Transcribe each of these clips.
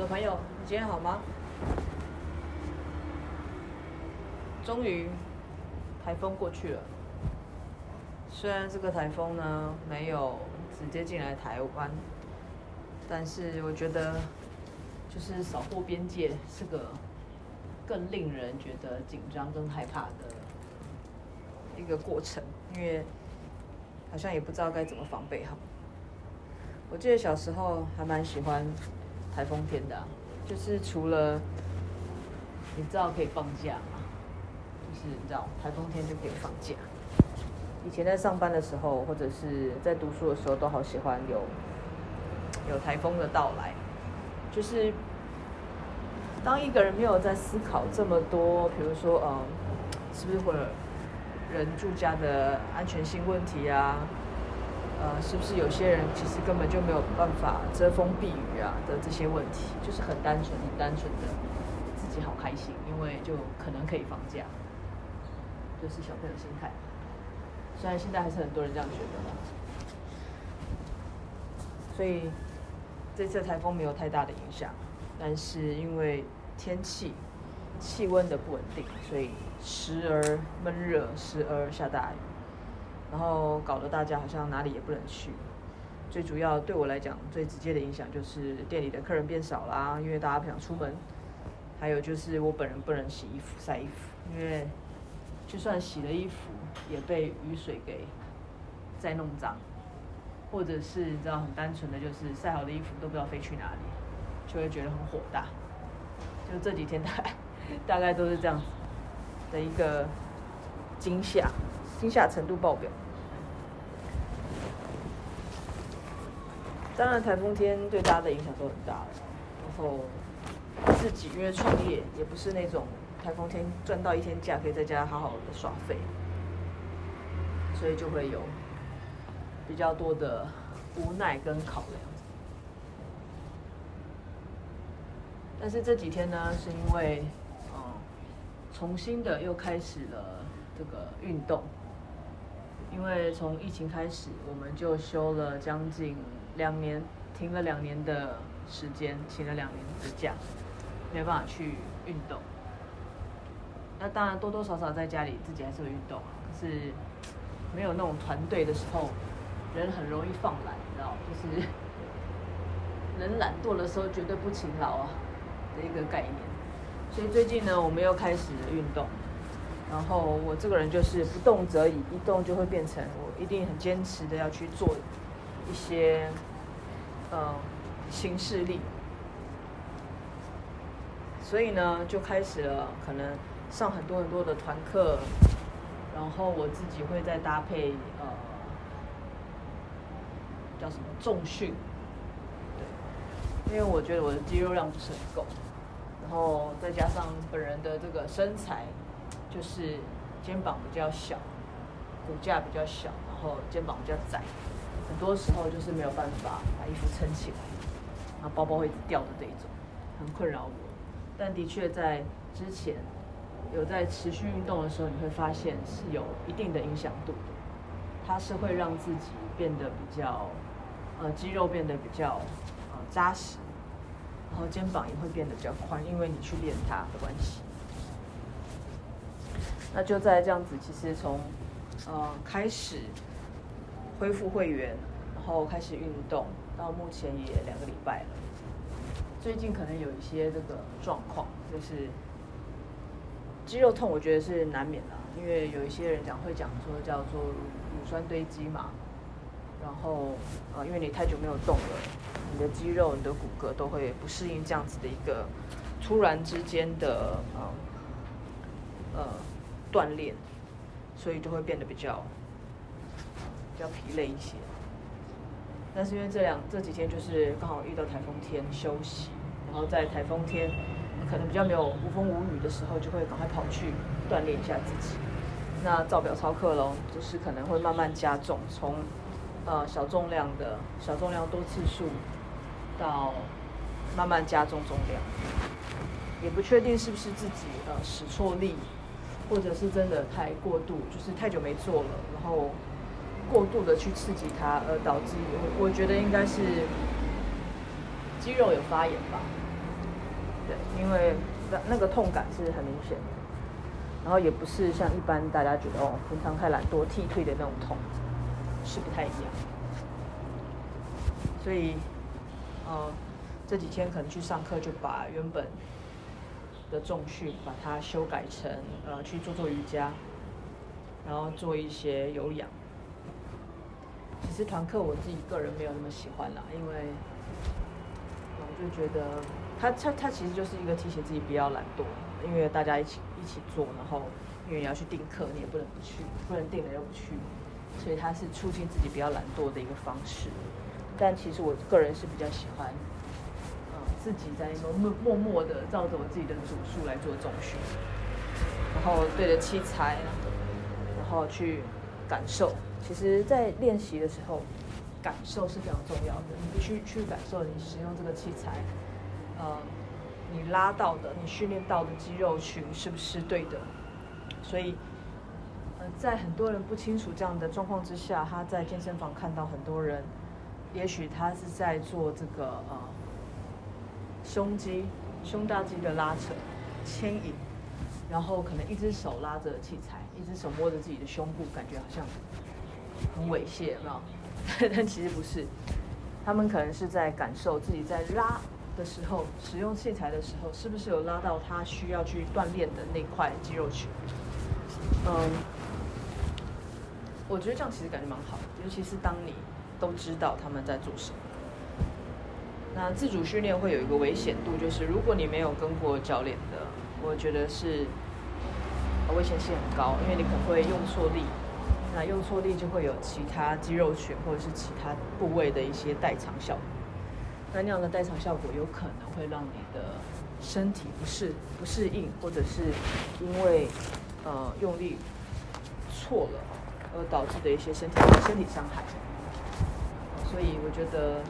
我的朋友，你今天好嗎？終於，颱風過去了。雖然這個颱風呢沒有直接進來台灣，但是我覺得，就是掃過邊界是個更令人覺得緊張跟害怕的一個過程，因為好像也不知道該怎麼防備好。我記得小時候還蠻喜歡。颱風天的、啊，就是除了你知道可以放假，就是你知道颱風天就可以放假。以前在上班的時候，或者是在讀書的時候，都好喜歡有有颱風的到來。就是當一個人沒有在思考這麼多，比如說嗯，是不是會有人住家的安全性問題啊？呃，是不是有些人其實根本就沒有辦法遮風避雨啊的這些問題，就是很單純、很單純的自己好開心，因為就可能可以放假，就是小朋友心態。雖然現在還是很多人這樣覺得，所以這次台風沒有太大的影響，但是因為天氣氣溫的不穩定，所以時而悶熱，時而下大雨。然後搞得大家好像哪裡也不能去，最主要對我來講最直接的影響就是店裡的客人變少啦，因為大家不想出門，還有就是我本人不能洗衣服曬衣服，因為就算洗了衣服也被雨水給再弄髒，或者是你知道很單純的就是曬好的衣服都不知道飛去哪裡，就會覺得很火大，就這幾天大概大概都是這樣子的一個驚嚇。驚嚇程度爆表。當然，颱風天對大家的影響都很大了。然後自己因為創業，也不是那種颱風天賺到一天假，可以在家好好的耍廢，所以就會有比較多的無奈跟考量。但是這幾天呢，是因為嗯，重新的又開始了這個運動。因為從疫情開始，我們就休了將近兩年，停了兩年的時間，請了兩年的假，沒有辦法去運動。那當然多多少少在家裡自己還是會運動啊，可是沒有那種團隊的時候，人很容易放懶，你知道嗎？就是人懶惰的時候絕對不勤勞啊的一個概念。所以最近呢，我們又開始運動。然後我這個人就是不動則已，一動就會變成我一定很堅持的要去做一些，呃，新勢力。所以呢，就開始了可能上很多很多的團課，然後我自己會再搭配呃，叫什麼重訓，對，因為我覺得我的肌肉量不是很夠，然後再加上本人的這個身材。就是肩膀比較小，骨架比較小，然後肩膀比較窄，很多時候就是沒有辦法把衣服撐起來，然後包包會掉的這一種，很困擾我。但的確在之前有在持續運動的時候，你會發現是有一定的影響度的，它是會讓自己變得比較，呃、肌肉變得比較、呃、紮實，然後肩膀也會變得比較寬，因為你去練它的關係。那就在這樣子，其實從，呃，開始恢復會員，然後開始運動，到目前也兩個禮拜了。最近可能有一些這個狀況，就是肌肉痛，我覺得是難免的，因為有一些人講會講說叫做乳酸堆積嘛。然後，呃，因為你太久沒有動了，你的肌肉、你的骨骼都會不適應這樣子的一個突然之間的，呃，呃。鍛鍊，所以就會變得比較比較疲累一些。但是因為這兩這幾天就是剛好遇到颱風天休息，然後在颱風天可能比較沒有無風無雨的時候，就會趕快跑去鍛鍊一下自己。那照表操課咯，就是可能會慢慢加重，從呃小重量的小重量多次數到慢慢加重重量，也不確定是不是自己呃使錯力。或者是真的太過度，就是太久沒做了，然後過度的去刺激它，而導致我覺得應該是肌肉有發炎吧。對，因為那那個痛感是很明顯的，然後也不是像一般大家覺得哦，平常太懶惰、鐵腿的那種痛，是不太一樣的。所以，呃，這幾天可能去上課就把原本。的重訓，把它修改成呃，去做做瑜伽，然後做一些有氧。其實團課我自己個人沒有那麼喜歡啦，因為我就覺得他他他其實就是一個提醒自己不要懶惰，因為大家一起一起做，然後因為你要去訂課，你也不能不去，不能訂了又不去，所以他是促進自己比較懶惰的一個方式。但其實我個人是比較喜歡。自己在一個默默默地照着我自己的組數來做重訓，然後對着器材，然後去感受。其實，在練習的時候，感受是非常重要的。你必須去感受你使用這個器材，呃，你拉到的、你訓練到的肌肉群是不是對的。所以、呃，在很多人不清楚這樣的狀況之下，他在健身房看到很多人，也許他是在做這個呃。胸肌、胸大肌的拉扯、牽引，然後可能一隻手拉着器材，一隻手摸着自己的胸部，感覺好像很猥褻，沒有？但其實不是，他們可能是在感受自己在拉的時候，使用器材的時候，是不是有拉到他需要去鍛煉的那塊肌肉群？嗯，我覺得這樣其實感覺蠻好的，尤其是當你都知道他們在做什麼。那自主訓練會有一個危險度，就是如果你沒有跟過教練的，我覺得是危險性很高，因為你可能會用錯力，那用錯力就會有其他肌肉群或者是其他部位的一些代償效果。那那樣的代償效果有可能會讓你的身體不適、不適應，或者是因為呃用力錯了而導致的一些身體身體傷害。所以我覺得。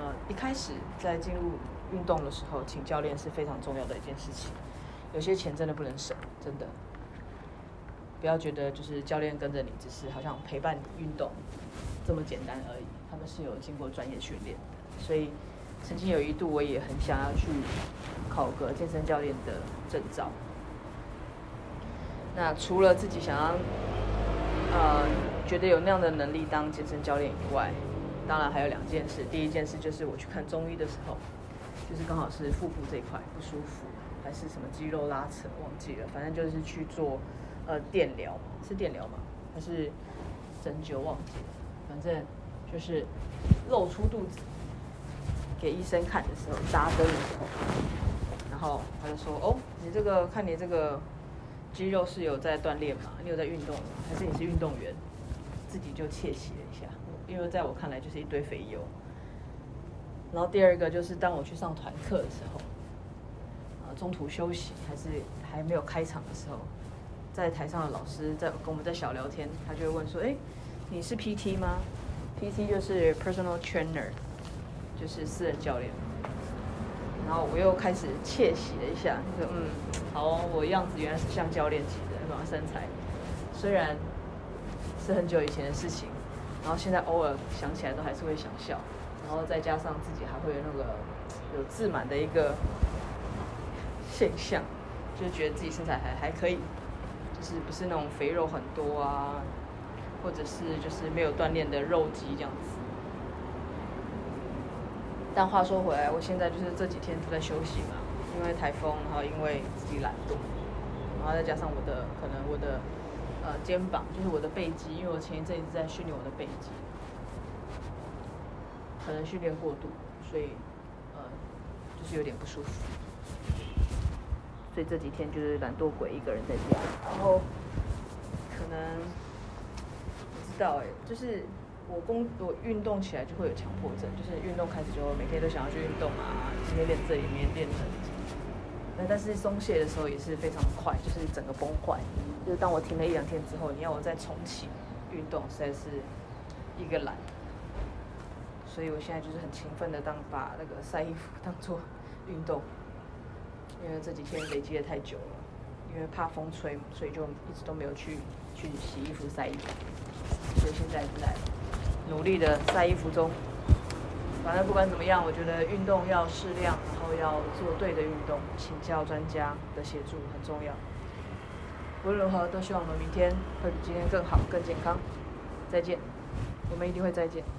呃，一開始在進入運動的時候，請教練是非常重要的一件事情。有些錢真的不能省，真的。不要覺得就是教練跟着你，只是好像陪伴你運動這麼簡單而已。他們是有經過專業訓練的。所以，曾經有一度，我也很想要去考個健身教練的證照。那除了自己想要，呃，覺得有那樣的能力當健身教練以外。當然還有兩件事，第一件事就是我去看中醫的時候，就是剛好是腹部這塊不舒服，還是什麼肌肉拉扯忘記了，反正就是去做呃電療，是電療嗎？還是針灸？忘記了，反正就是露出肚子給醫生看的時候扎針的時候，然後他就說：“哦，你這個看你這個肌肉是有在鍛鍊嗎？你有在運動嗎？還是你是運動員？”自己就竊喜了一下。因為在我看來就是一堆肥油，然後第二個就是當我去上團課的時候，中途休息還是還沒有開場的時候，在台上的老師在跟我們在小聊天，他就會問說：“哎、欸，你是 PT 嗎？PT 就是 personal trainer，就是私人教練。”然後我又開始竊喜了一下，說：“嗯，好、哦，我樣子原來是像教練級的，然後身材雖然是很久以前的事情。”然後現在偶爾想起來都還是會想笑，然後再加上自己還會有那個有自滿的一個現象，就覺得自己身材還還可以，就是不是那種肥肉很多啊，或者是就是沒有鍛鍊的肉肌這樣子。但話說回來，我現在就是這幾天都在休息嘛，因為台風，然後因為自己懶惰，然後再加上我的，可能我的。呃，肩膀就是我的背肌，因為我前一陣子一直在訓練我的背肌，可能訓練過度，所以呃，就是有點不舒服，所以這幾天就是懶惰鬼一個人在家，然後可能不知道哎、欸，就是我工我運動起來就會有強迫症，就是運動開始之後每天都想要去運動啊，今天練這裡，明天練那裡但是鬆懈的時候也是非常快，就是整個崩壞。嗯、就是當我停了一兩天之後，你要我再重啟運動，實在是一個懶。所以我現在就是很勤奮的當把那個曬衣服當做運動，因為這幾天累積的太久了，因為怕風吹，所以就一直都沒有去去洗衣服曬衣服。所以現在在努力的曬衣服中。反正不管怎麼樣，我覺得運動要適量，然後要做對的運動，請教專家的協助很重要。無論如何，都希望我們明天會比今天更好，更健康。再見，我們一定會再見。